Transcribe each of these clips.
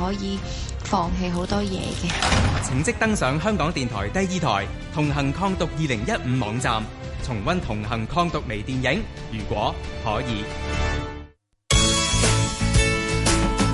可以放棄好多嘢嘅。請即登上香港電台第二台《同行抗毒》二零一五網站，重温《同行抗毒》微電影。如果可以。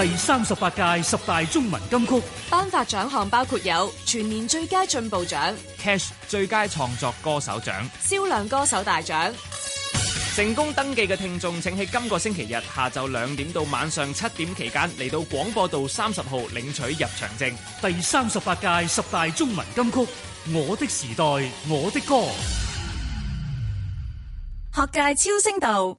第三十八屆十大中文金曲頒發獎項包括有全年最佳進步獎、Cash 最佳創作歌手獎、銷量歌手大獎。成功登記嘅聽眾，請喺今個星期日下晝兩點到晚上七點期間嚟到廣播道三十號領取入場證。第三十八屆十大中文金曲，我的時代，我的歌。學界超聲道。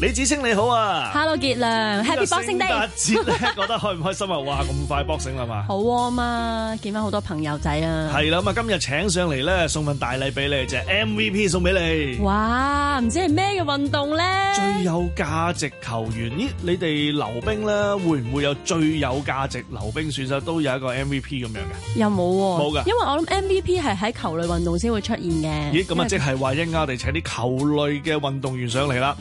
李芷菁你好啊，Hello 傑良，Happy Boxing Day。聖誕節咧，覺得開唔開心啊？哇，咁快 boxing 喇嘛？好喎嘛，見翻好多朋友仔啊。係啦，咁啊今日請上嚟咧送份大禮俾你，就係 MVP 送俾你。哇，唔知係咩嘅運動咧？最有價值球員咦？你哋溜冰咧會唔會有最有價值溜冰選手？都有一個 MVP 咁樣嘅？又冇喎。冇噶。因為我諗 MVP 係喺球類運動先會出現嘅。咦，咁啊即係話應該我哋請啲球類嘅運動員上嚟啦。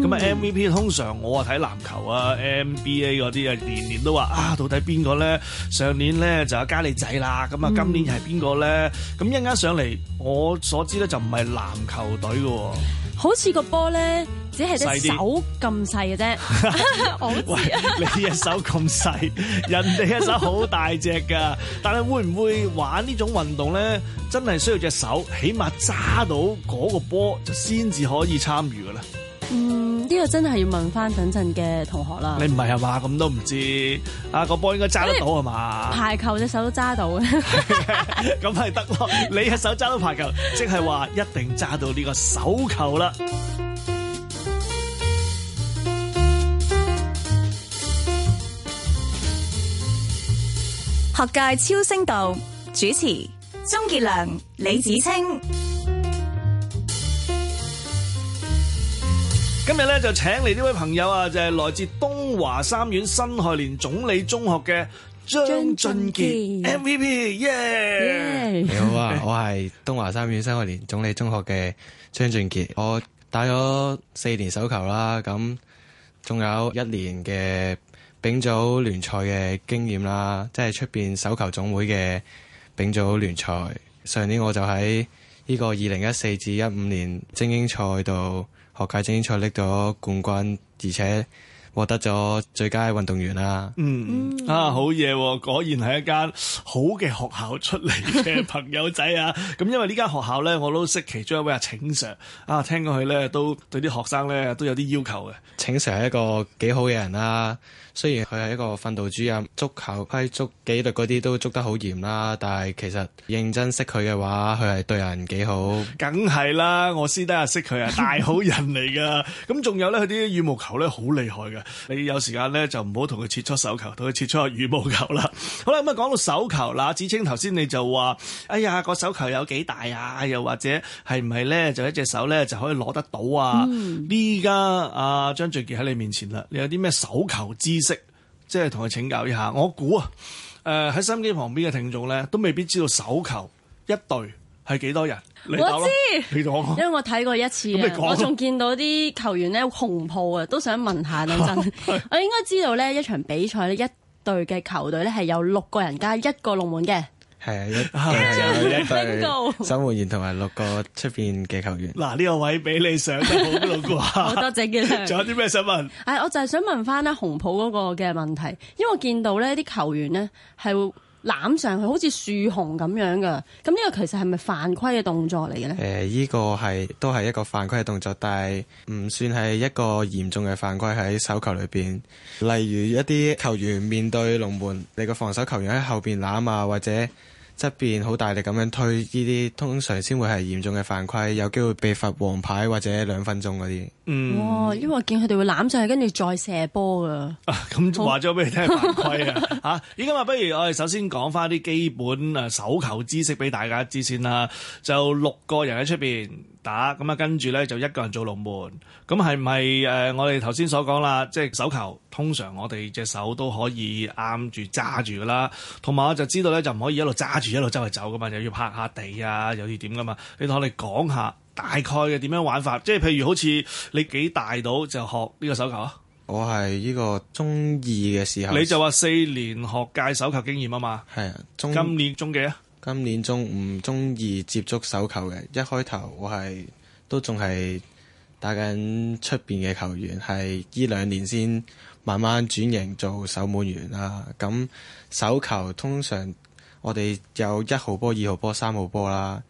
咁啊。M V P 通常我啊睇籃球啊 N B A 嗰啲，啊年年都話啊到底邊個咧？上年咧就阿加利仔啦，咁啊今年係邊個咧？咁一陣間上嚟我所知咧就唔係籃球隊嘅，哦，好似個波咧只係隻手咁細嘅啫。 知 喂，你隻手咁細， 人哋一手好大隻噶。但係會唔會玩種運呢種運動咧？真係需要隻手，起碼揸到嗰個波就先至可以參與㗎喇。嗯，呢個真係要問翻等陣嘅同學啦。你唔係係嘛？咁都唔知。啊，個波應該揸得到係嘛？排球隻手都揸到，咁係得咯。你隻手揸到排球，即係話一定揸到呢個手球啦。學界超聲道主持鍾傑良、李芷菁。今日咧，就請嚟呢位朋友啊，就係、是、來自東華三院辛亥年總理中學嘅張俊傑 MVP，耶！你好啊，我係東華三院辛亥年總理中學嘅張俊傑，我打咗四年手球啦，咁仲有一年嘅丙組聯賽嘅經驗啦，即係出邊手球總會嘅丙組聯賽。上年我就喺呢個二零一四至一五年精英賽度。界精英賽拎咗冠軍，而且獲得咗最佳運動員啦。嗯，嗯啊，好嘢、啊，果然係一間好嘅學校出嚟嘅朋友仔啊。咁 因為呢間學校咧，我都識其中一位阿、啊、請 Sir 啊，聽講佢咧都對啲學生咧都有啲要求嘅。請 Sir 係一個幾好嘅人啦、啊。雖然佢係一個訓導主任，足球規、足紀律嗰啲都捉得好嚴啦，但係其實認真認識佢嘅話，佢係對人幾好。梗係啦，我私底下識佢係大好人嚟噶。咁仲 有咧，佢啲羽毛球咧好厲害噶。你有時間咧就唔好同佢切磋手球，同佢切磋個羽毛球啦。 好啦，咁啊講到手球啦，芷菁頭先你就話，哎呀個手球有幾大啊？又或者係唔係咧？就一隻手咧就可以攞得到啊？呢家阿張俊傑喺你面前啦，你有啲咩手球知識？即係同佢請教一下，我估啊，誒喺收音機旁邊嘅聽眾咧，都未必知道手球一隊係幾多人。我知，你講，因為我睇過一次，我仲見到啲球員咧紅袍啊，都想問下等陣。 是我應該知道咧，一場比賽咧，一隊嘅球隊咧係有六個人加一個龍門嘅。係啊，有守門員同埋六個出邊嘅球員。嗱，呢個位俾你上得好啲，好多謝嘅。仲有啲咩想問？誒，我就係想問翻咧紅袍嗰個嘅問題，因為我見到呢啲球員咧係會攬上去，好似樹熊咁樣噶。咁呢個其實係咪犯規嘅動作嚟嘅呢？誒，呢個係都係一個犯規嘅動作，但係唔算係一個嚴重嘅犯規喺手球裏邊。例如一啲球員面對龍門，你個防守球員喺後邊攬啊，或者。側邊好大力咁樣推呢啲，通常先會係嚴重嘅犯規，有機會被罰黃牌或者兩分鐘嗰啲。嗯，哇，因為我見佢哋會攬上去，跟住再射波噶。咁話咗俾你聽犯規 啊！吓，依家嘛，不如我哋首先講翻啲基本誒手球知識俾大家知先啦。就六個人喺出邊。打咁啊，跟住咧就一個人做龍門。咁係唔係誒？我哋頭先所講啦，即係手球，通常我哋隻手都可以啱住揸住噶啦。同埋我就知道咧，就唔可以一路揸住一路周圍走噶嘛，又要拍下地啊，又要點噶嘛。你同我哋講下大概嘅點樣玩法，即係譬如好似你幾大到就學呢個手球啊？我係呢個中二嘅時候，你就話四年學界手球經驗啊嘛。係啊，中今年中幾啊？今年中唔鍾意接觸手球嘅。一開頭，我係都仲係打緊出邊嘅球員，係呢兩年先慢慢轉型做守門員啦。咁、啊啊啊啊、手球通常我哋有一號波、二號波、三號波啦。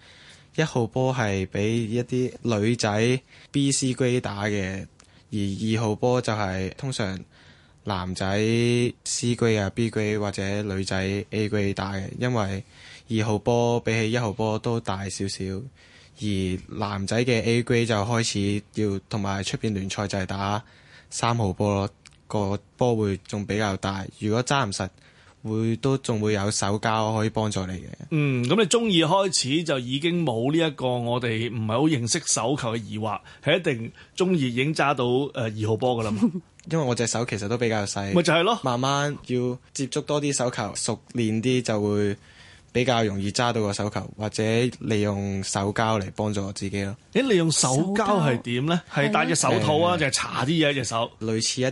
號一號波係俾一啲女仔 B C G 打嘅，而二號波就係通常男仔 C G 啊 B G 或者女仔 A G 打嘅，因為。二號波比起一號波都大少少，而男仔嘅 A grade 就開始要同埋出邊聯賽就係打三號波咯。個波會仲比較大，如果揸唔實，會都仲會有手膠可以幫助你嘅。嗯，咁你中二開始就已經冇呢一個我哋唔係好認識手球嘅疑惑，係一定中二已經揸到誒、呃、二號波噶啦嘛？ 因為我隻手其實都比較細，咪就係咯，慢慢要接觸多啲手球，熟練啲就會。比較容易揸到個手球，或者利用手膠嚟幫助自己咯。誒、欸，你利用手膠係點咧？係戴隻手套啊，定係搽啲嘢隻手？類似一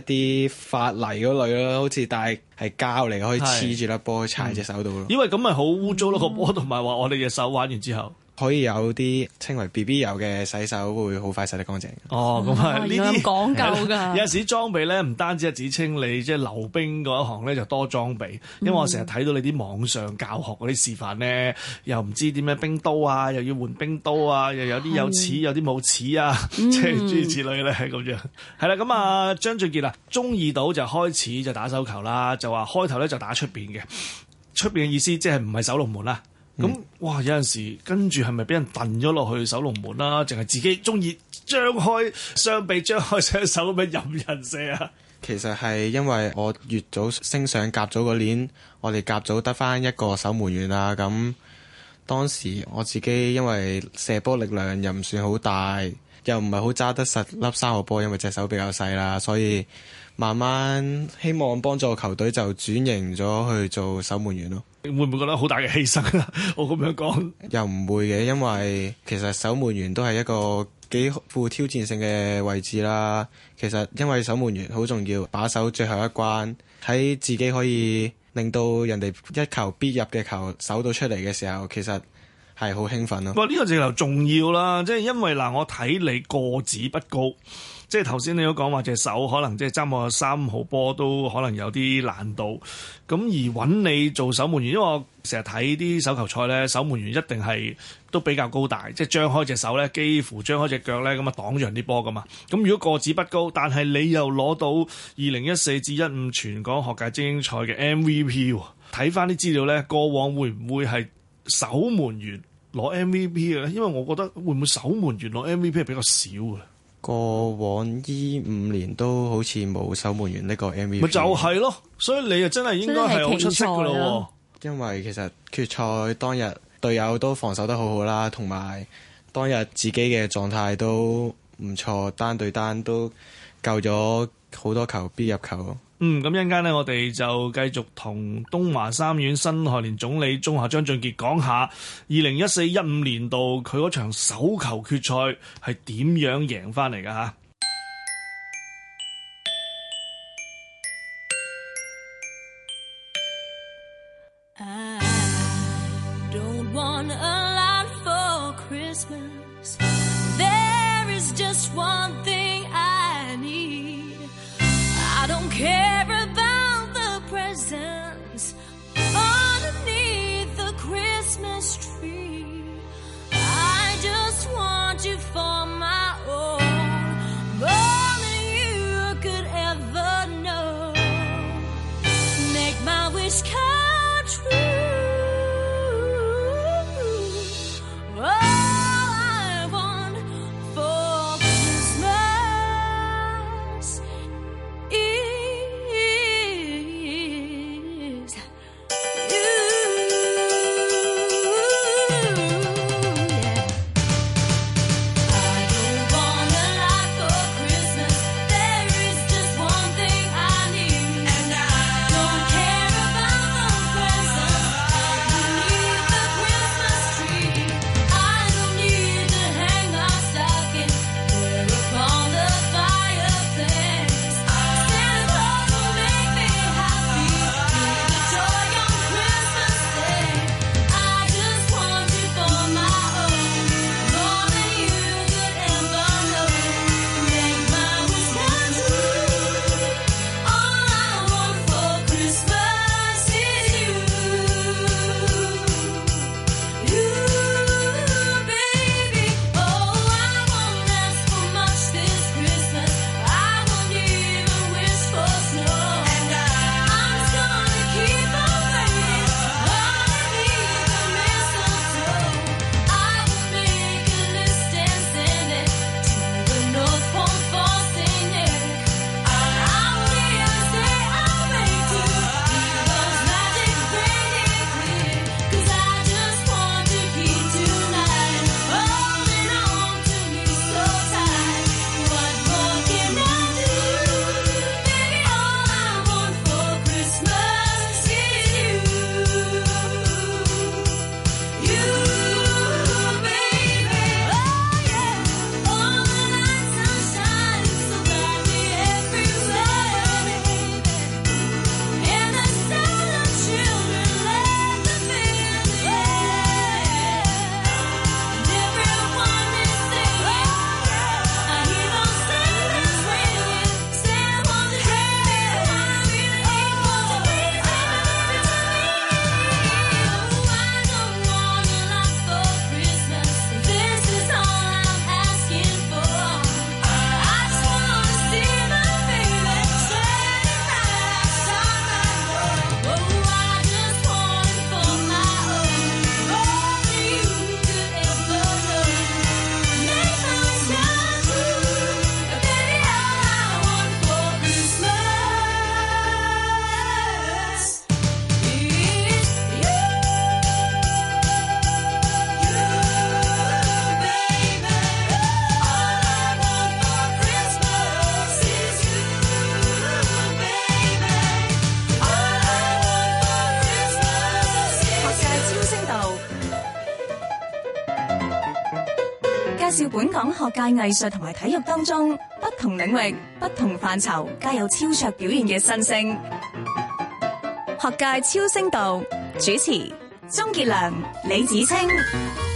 啲髮泥嗰類咯，好似戴係膠嚟可以黐住粒波，去擦隻手度咯。因為咁咪好污糟咯，嗯、個波同埋話我哋隻手玩完之後。可以有啲稱為 BB 友嘅洗手會好快洗得乾淨哦，咁啊，呢啲、嗯、講究㗎。有陣時裝備咧，唔單止係只清理，即係溜冰嗰一行咧就多裝備。因為我成日睇到你啲網上教學嗰啲示範咧，嗯、又唔知點樣冰刀啊，又要換冰刀啊，又有啲有齒，有啲冇齒啊，即係的 諸如此類咧咁樣。係啦、嗯，咁 啊，張俊傑啊，中意到就開始就打手球啦，就話開頭咧就打出邊嘅，出邊嘅意思即係唔係守龍門啦。咁哇！有陣時跟住係咪俾人揼咗落去守龍門啦、啊？淨係自己中意張開雙臂、張開雙手咁樣任人射啊！其實係因為我越早升上甲組嗰年，我哋甲組得返一個守門員啦。咁當時我自己因為射波力量又唔算好大，又唔係好揸得實粒三號波，因為隻手比較細啦，所以。慢慢希望幫助球隊就轉型咗去做守門員咯。會唔會覺得好大嘅犧牲啊？ 我咁樣講又唔會嘅，因為其實守門員都係一個幾富挑戰性嘅位置啦。其實因為守門員好重要，把守最後一關，喺自己可以令到人哋一球必入嘅球守到出嚟嘅時候，其實係好興奮咯。哇！呢個直頭重要啦，即係因為嗱，呃，我睇你個子不高。即係頭先你都講話隻手可能即係掙個三號波都可能有啲難度，咁而揾你做守門員，因為我成日睇啲手球賽咧，守門員一定係都比較高大，即係張開隻手咧，幾乎張開隻腳咧，咁啊擋住人啲波㗎嘛。咁如果個子不高，但係你又攞到二零一四至一五全港學界精英賽嘅 MVP 喎，睇返啲資料咧，過往會唔會係守門員攞 MVP 嘅咧？因為我覺得會唔會守門員攞 MVP 係比較少嘅。過往呢五年都好似冇守門員呢個 MVP，就係咯，所以你啊真係應該係好出色噶咯，啊、因為其實決賽當日隊友都防守得好好啦，同埋當日自己嘅狀態都唔錯，單對單都救咗好多球，必入球。嗯，咁一陣間咧，我哋就繼續同東華三院辛亥年總理中學張俊傑講下二零一四一五年度佢嗰場手球決賽係點樣贏翻嚟㗎吓。學界藝術同埋體育當中，不同領域、不同範疇皆有超卓表現嘅新星。學界超聲道主持：鍾傑良、李芷菁。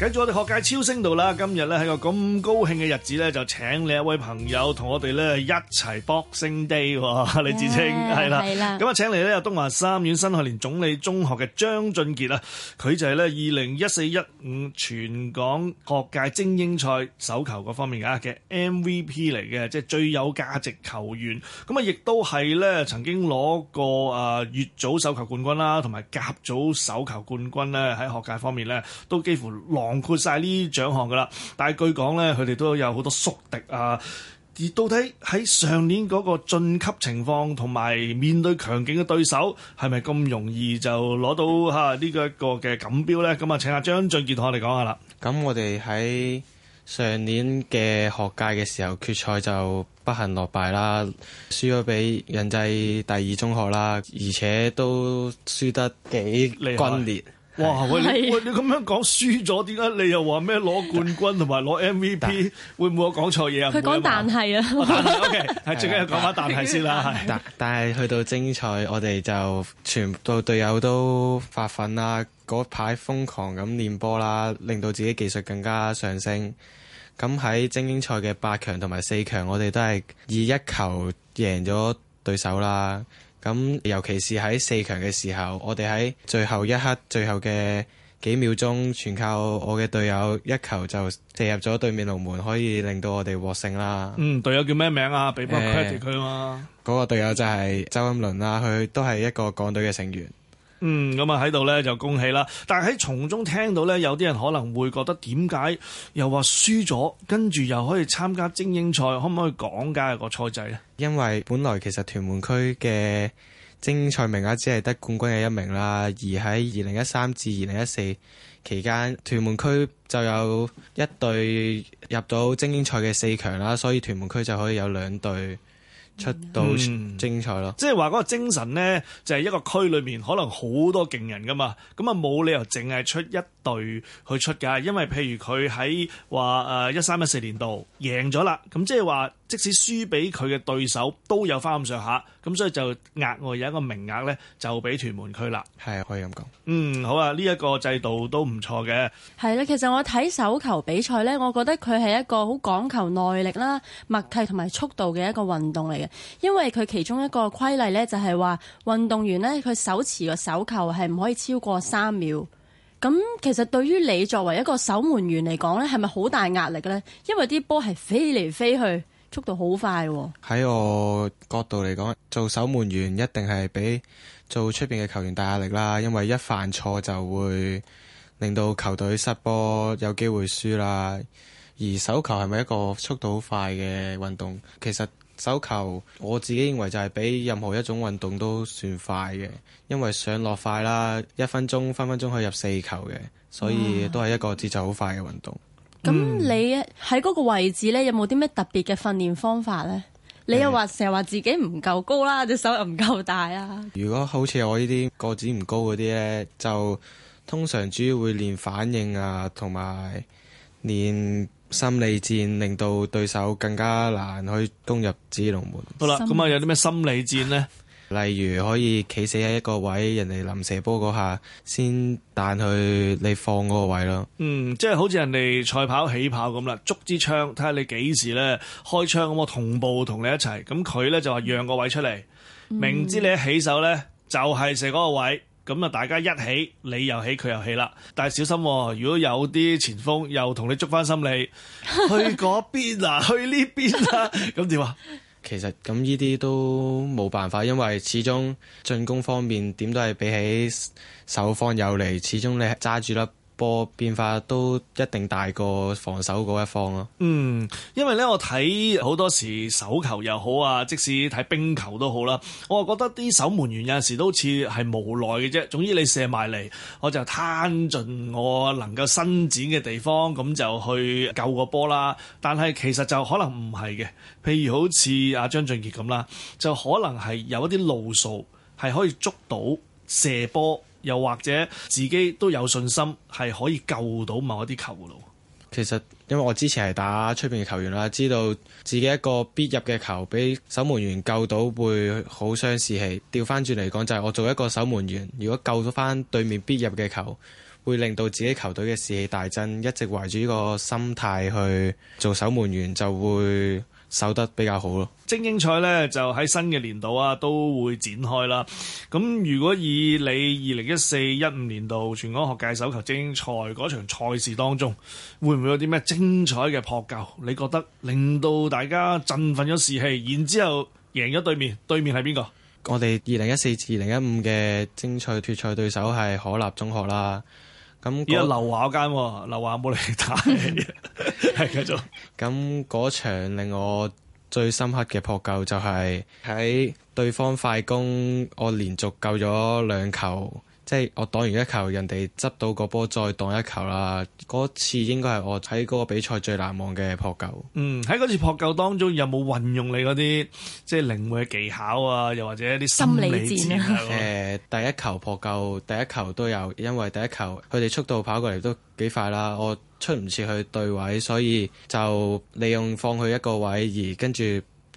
跟住我哋學界超聲度啦，今日咧喺個咁高興嘅日子咧，就請你一位朋友同我哋咧一齊搏聲地，李芷菁係啦。咁啊，請嚟咧東華三院辛亥年總理中學嘅張俊杰啊，佢就係咧二零一四一五全港學界精英賽手球嗰方面嘅嘅 MVP 嚟嘅，即係最有價值球員。咁啊，亦都係咧曾經攞過誒乙組手球冠軍啦，同埋甲組手球冠軍咧喺學界方面咧都幾乎落。囊括晒呢獎項噶啦，但係據講呢，佢哋都有好多宿敵啊。而到底喺上年嗰個晉級情況，同埋面對強勁嘅對手，係咪咁容易就攞到吓呢個一個嘅錦標呢？咁啊，請阿張俊傑同我哋講下啦。咁我哋喺上年嘅學界嘅時候決賽就不幸落敗啦，輸咗俾仁濟第二中學啦，而且都輸得幾轟烈。哇！喂是你喂，你咁樣講輸咗，點解你又話咩攞冠軍同埋攞 MVP？會唔會我講錯嘢？啊佢講但係啊，OK，係最緊要講翻但係先啦。但但係去到精英賽，我哋就全部隊友都發奮啦，嗰排瘋狂咁練波啦，令到自己技術更加上升。咁喺精英賽嘅八強同埋四強，我哋都係以一球贏咗對手啦。咁尤其是喺四強嘅時候，我哋喺最後一刻，最後嘅幾秒鐘，全靠我嘅隊友一球就射入咗對面龍門，可以令到我哋獲勝啦。嗯，隊友叫咩名啊？俾波 credit 佢啊嘛。嗰個隊友就係周恩倫啦，佢都係一個港隊嘅成員。嗯，咁啊喺度呢就恭喜啦！但係喺從中聽到呢，有啲人可能會覺得點解又話輸咗，跟住又可以參加精英賽，可唔可以講解下個賽制呢？因為本來其實屯門區嘅精英賽名額只係得冠軍嘅一名啦，而喺二零一三至二零一四期間，屯門區就有一隊入到精英賽嘅四強啦，所以屯門區就可以有兩隊。出到精彩咯、嗯，即係話嗰個精神咧，就係、是、一個區裏面可能好多勁人噶嘛，咁啊冇理由淨係出一隊去出噶，因為譬如佢喺話誒一三一四年度贏咗啦，咁即係話。即使輸俾佢嘅對手都有翻咁上下，咁所以就額外有一個名額呢，就俾屯門區啦。係啊，可以咁講。嗯，好啊，呢一個制度都唔錯嘅。係啦，其實我睇手球比賽呢，我覺得佢係一個好講求耐力啦、默契同埋速度嘅一個運動嚟嘅。因為佢其中一個規例呢，就係話運動員呢，佢手持個手球係唔可以超過三秒。咁其實對於你作為一個守門員嚟講呢，係咪好大壓力呢？因為啲波係飛嚟飛去。速度好快喎。哦！喺我角度嚟講，做守門員一定係比做出邊嘅球員大壓力啦，因為一犯錯就會令到球隊失波，有機會輸啦。而手球係咪一個速度好快嘅運動？其實手球我自己認為就係比任何一種運動都算快嘅，因為上落快啦，一分鐘分分鐘可以入四球嘅，所以都係一個節奏好快嘅運動。嗯嗯咁、嗯、你喺嗰個位置呢，有冇啲咩特別嘅訓練方法呢？你又話成日話自己唔夠高啦，隻手又唔夠大啊！如果好似我呢啲個子唔高嗰啲呢，就通常主要會練反應啊，同埋練心理戰，令到對手更加難去攻入紫龍門。好啦，咁啊，有啲咩心理戰呢？ 例如可以企死喺一個位，人哋臨射波嗰下先彈去你放嗰個位咯。嗯，即係好似人哋賽跑起跑咁啦，捉支槍睇下你幾時呢，開槍，咁我同步同你一齊。咁佢呢就話讓個位出嚟，嗯、明知你一起手呢，就係、是、射嗰個位，咁啊大家一起，你又起佢又起啦。但係小心、哦，如果有啲前鋒又同你捉翻，心理，去嗰邊啊， 啊，去呢邊啊，咁點啊？其實咁呢啲都冇辦法，因為始終進攻方面點都係比起守方有利，始終你揸住粒。波變化都一定大過防守嗰一方咯。嗯，因為呢，我睇好多時手球又好啊，即使睇冰球都好啦，我覺得啲守門員有陣時都似係無奈嘅啫。總之你射埋嚟，我就攤盡我能夠伸展嘅地方，咁就去救個波啦。但係其實就可能唔係嘅，譬如好似阿張俊傑咁啦，就可能係有一啲路數係可以捉到射波。又或者自己都有信心，係可以救到某一啲球嘅。其實因為我之前係打出邊嘅球員啦，知道自己一個必入嘅球俾守門員救到會好傷士氣。調翻轉嚟講，來來就係我做一個守門員，如果救到翻對面必入嘅球，會令到自己球隊嘅士氣大增。一直懷住呢個心態去做守門員就會。守得比較好咯。精英賽呢，就喺新嘅年度啊，都會展開啦。咁如果以你二零一四一五年度全港學界手球精英賽嗰場賽事當中，會唔會有啲咩精彩嘅撲救？你覺得令到大家振奮咗士氣，然之後贏咗對面，對面係邊個？我哋二零一四至二零一五嘅精賽決賽對手係可立中學啦。咁而阿劉華嗰間，劉華冇嚟打係繼續。咁嗰場令我最深刻嘅撲救就係喺對方快攻，我連續救咗兩球。即係我擋完一球，人哋執到個波再擋一球啦。嗰次應該係我喺嗰個比賽最難忘嘅撲救。嗯，喺嗰次撲救當中有冇運用你嗰啲即係靈活嘅技巧啊？又或者啲心理戰啊？誒理、 呃，第一球撲救，第一球都有，因為第一球佢哋速度跑過嚟，都幾快啦。我出唔切去對位，所以就利用放佢一個位，而跟住。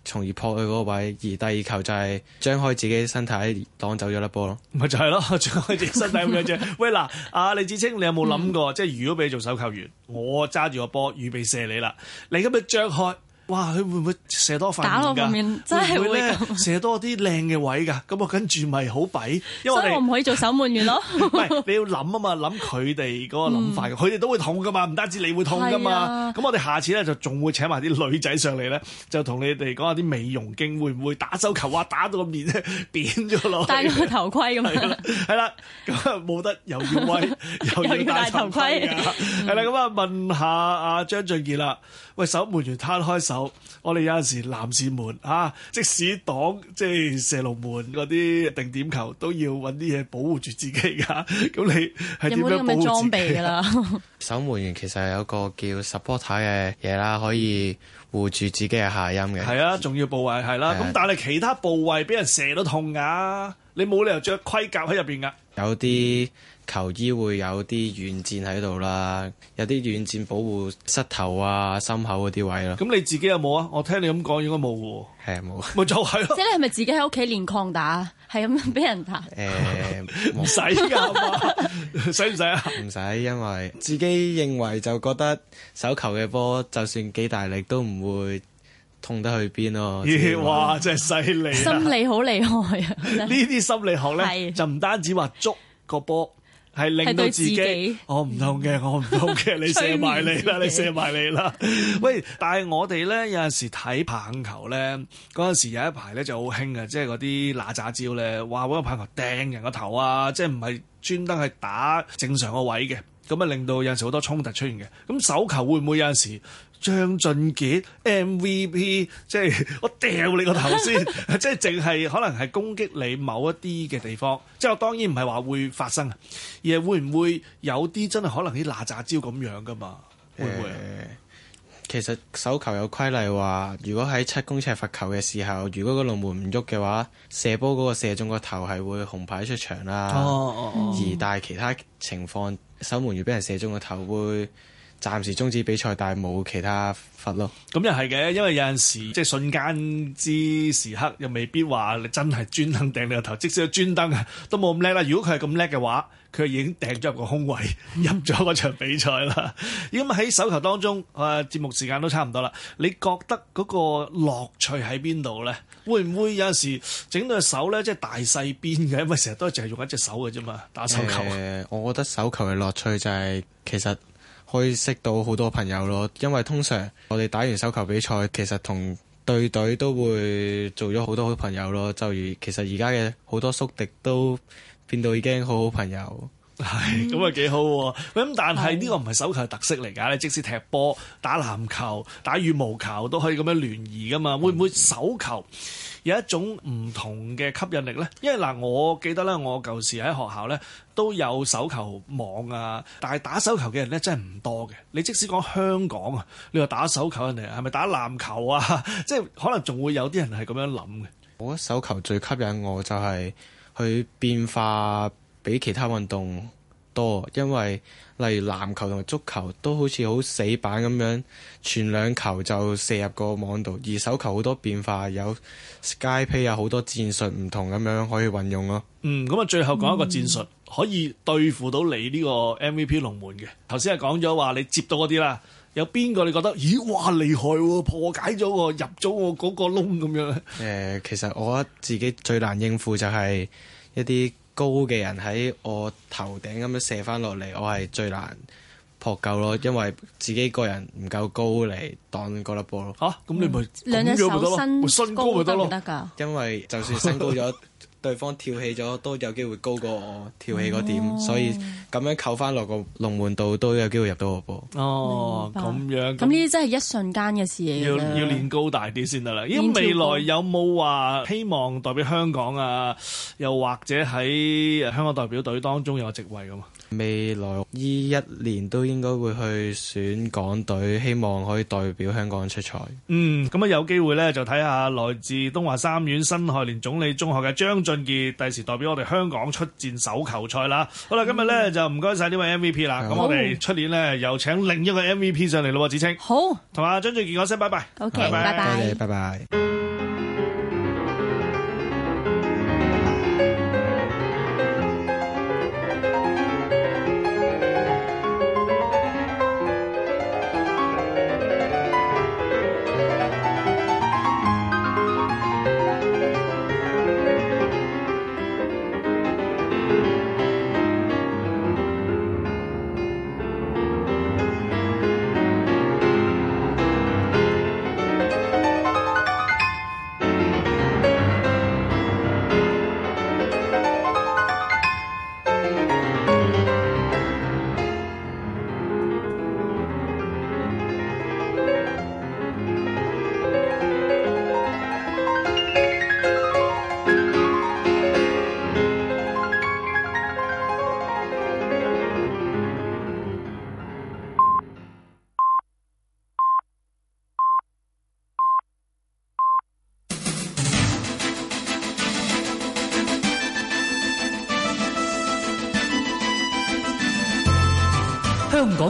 從而破佢嗰位，而第二球就係張開自己身體擋走咗粒波咯，咪就係咯，張開自己身體咁樣啫。 喂嗱，阿李芷菁，你有冇諗過？即係如果俾你做手球員，我揸住個波預備射你啦，你咁樣張開。哇！佢會唔會射多份面㗎？打落塊面真係會咧，會會射多啲靚嘅位㗎。咁我跟住咪好弊，因為我唔可以做守門員咯。 唔係，你要諗啊嘛，諗佢哋嗰個諗法，佢哋、嗯、都會痛㗎嘛，唔單止你會痛㗎嘛。咁、啊、我哋下次咧就仲會請埋啲女仔上嚟咧，就同你哋講下啲美容經，會唔會打手球啊？打到個面咧扁咗落。戴個頭盔咁樣。係啦， 咁啊冇得又要威，又要戴，盔 又要戴頭盔啊。係 啦， 咁啊問下阿張俊傑啦。嗯、 喂，守門員攤開手。我哋有陣時攔射門吓，即使擋即係射龍門嗰啲定點球，都要揾啲嘢保護住自己噶。咁、啊、你係點樣保護自己？有冇啲咩裝備噶啦？守門員其實係有個叫 supporter 嘅嘢啦，可以護住自己嘅下陰嘅。係啊，重要部位係啦。咁、啊啊、但係其他部位俾人射都痛噶、啊，你冇理由着盔甲喺入邊噶。有啲球衣會有啲軟墊喺度啦，有啲軟墊保護膝頭啊、心口嗰啲位咯。咁你自己有冇啊？我聽你咁講，應該冇喎。係啊，冇。咪就係咯。即係你係咪自己喺屋企練抗打啊？係咁樣俾人打？誒、 呃，唔使噶，使唔使啊？唔使， 因為自己認為就覺得手球嘅波，就算幾大力都唔會。痛得去邊咯！哇，真係犀利，心理好厲害啊！呢啲心理學咧，是就唔單止話捉個波，係令到自己，我唔痛嘅，我唔痛嘅， 你射埋你啦，你射埋你啦。 喂，但係我哋咧有陣時睇棒球咧，嗰陣時有一排咧就好興嘅，即係嗰啲邋遢招咧，哇！嗰個棒球掟人個頭啊，即係唔係專登係打正常個位嘅，咁啊令到有陣時好多衝突出現嘅。咁手球會唔會有陣時？張俊傑 MVP，即係我掉你個頭先， 即係淨係可能係攻擊你某一啲嘅地方。即係我當然唔係話會發生啊，而係會唔會有啲真係可能啲嗱喳招咁樣噶嘛？會唔會、呃、其實手球有規例話，如果喺七公尺罰球嘅時候，如果個龍門唔喐嘅話，射波嗰個射中個頭係會紅牌出場啦。哦哦、而但係其他情況，守門員俾人射中個頭會。暫時中止比賽，但係冇其他罰咯。咁又係嘅，因為有陣時即係瞬間之時刻，又未必話你真係專登掟你個頭，即使專登啊，都冇咁叻啦。如果佢係咁叻嘅話，佢已經掟咗入個空位，入咗嗰場比賽啦。咁喺 手球當中，啊節目時間都差唔多啦。你覺得嗰個樂趣喺邊度咧？會唔會有陣時整到隻手咧，即係大細邊嘅？因為成日都淨係用一隻手嘅啫嘛，打手球。誒、呃，我覺得手球嘅樂趣就係、是、其實。可以識到好多朋友咯，因為通常我哋打完手球比賽，其實同隊隊都會做咗好多好朋友咯。就如其實而家嘅好多宿敵都變到已經好好朋友，係咁啊，幾好喎！咁但係呢個唔係手球特色嚟㗎，你即使踢波、打籃球、打羽毛球都可以咁樣聯誼㗎嘛。會唔會手球？嗯 有一種唔同嘅吸引力呢。因為嗱，我記得呢，我舊時喺學校呢都有手球網啊，但係打手球嘅人呢真係唔多嘅。你即使講香港啊，你話打手球人哋係咪打籃球啊？即 係可能仲會有啲人係咁樣諗嘅。我覺得手球最吸引我就係去變化比其他運動多，因為例如籃球同埋足球都好似好死板咁樣，全兩球就射入個網度，而手球好多變化，有街披有好多戰術唔同咁樣可以運用咯。嗯，咁啊，最後講一個戰術、嗯、可以對付到你呢個 MVP 龍門嘅。頭先係講咗話你接到嗰啲啦，有邊個你覺得咦哇厲害喎、啊，破解咗個入咗我嗰個窿咁樣咧？誒、呃，其實我覺得自己最難應付就係一啲高嘅人喺我頭頂咁樣射翻落嚟，我係最難撲救咯，因為自己個人唔夠高嚟擋嗰粒波咯。吓、啊，咁你咪兩隻手伸高咪得咯？因為就算身高咗。 對方跳起咗都有機會高過我跳起嗰點，哦、所以咁樣扣翻落個龍門度都有機會入到個波。哦，咁明白。咁樣咁呢啲真係一瞬間嘅事嚟㗎。要要練高大啲先得啦。咁未來有冇話希望代表香港啊？又或者喺香港代表隊當中有個席位㗎嘛？未來依一年都應該會去選港隊，希望可以代表香港出賽。嗯，咁啊有機會呢？就睇下來自東華三院辛亥年總理中學嘅張俊。俊傑，第時代表我哋香港出戰手球賽啦！好啦，今日咧就唔該晒呢位 MVP 啦，咁的我哋出年咧好又請另一個 MVP 上嚟啦，芷菁，好，同阿張俊傑講聲拜拜，OK，拜拜，拜拜。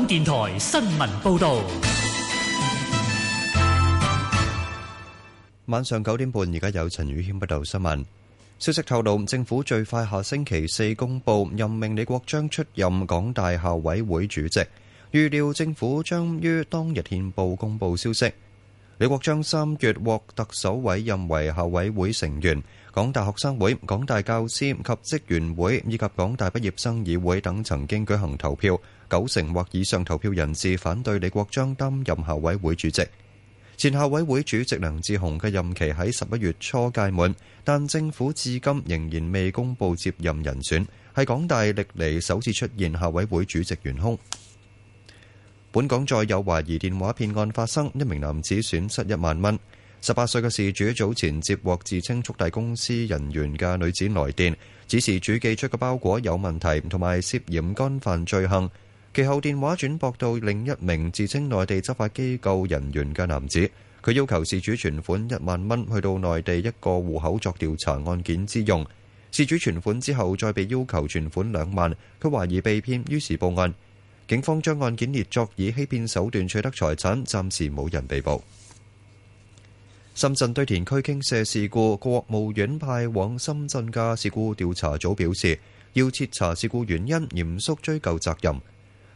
電台新聞報道，晚上九點半，而家有陳宇謙報道新聞。消息透露，政府最快下星期四公布任命李國章出任港大校委會主席。預料政府將於當日憲報公布消息。李國章三月獲特首委任為校委會成員。港大學生會、港大教師及職員會以及港大畢業生議會等曾經舉行投票。九成或以上投票人士反對李國章擔任校委會主席。前校委會主席梁志雄嘅任期喺十一月初屆滿，但政府至今仍然未公布接任人選，係港大歷嚟首次出現校委會主席懸空。本港再有懷疑電話騙案發生，一名男子損失一萬蚊。十八歲嘅事主早前接獲自稱速遞公司人員嘅女子來電，指示主寄出嘅包裹有問題，同埋涉嫌干犯罪行。其後電話轉駁到另一名自稱內地執法機構人員嘅男子，佢要求事主存款一萬蚊去到內地一個戶口作調查案件之用。事主存款之後，再被要求存款兩萬，佢懷疑被騙，於是報案。警方將案件列作以欺騙手段取得財產，暫時冇人被捕。深圳堆填區傾瀉事故，國務院派往深圳嘅事故調查組表示，要徹查事故原因，嚴肅追究責任。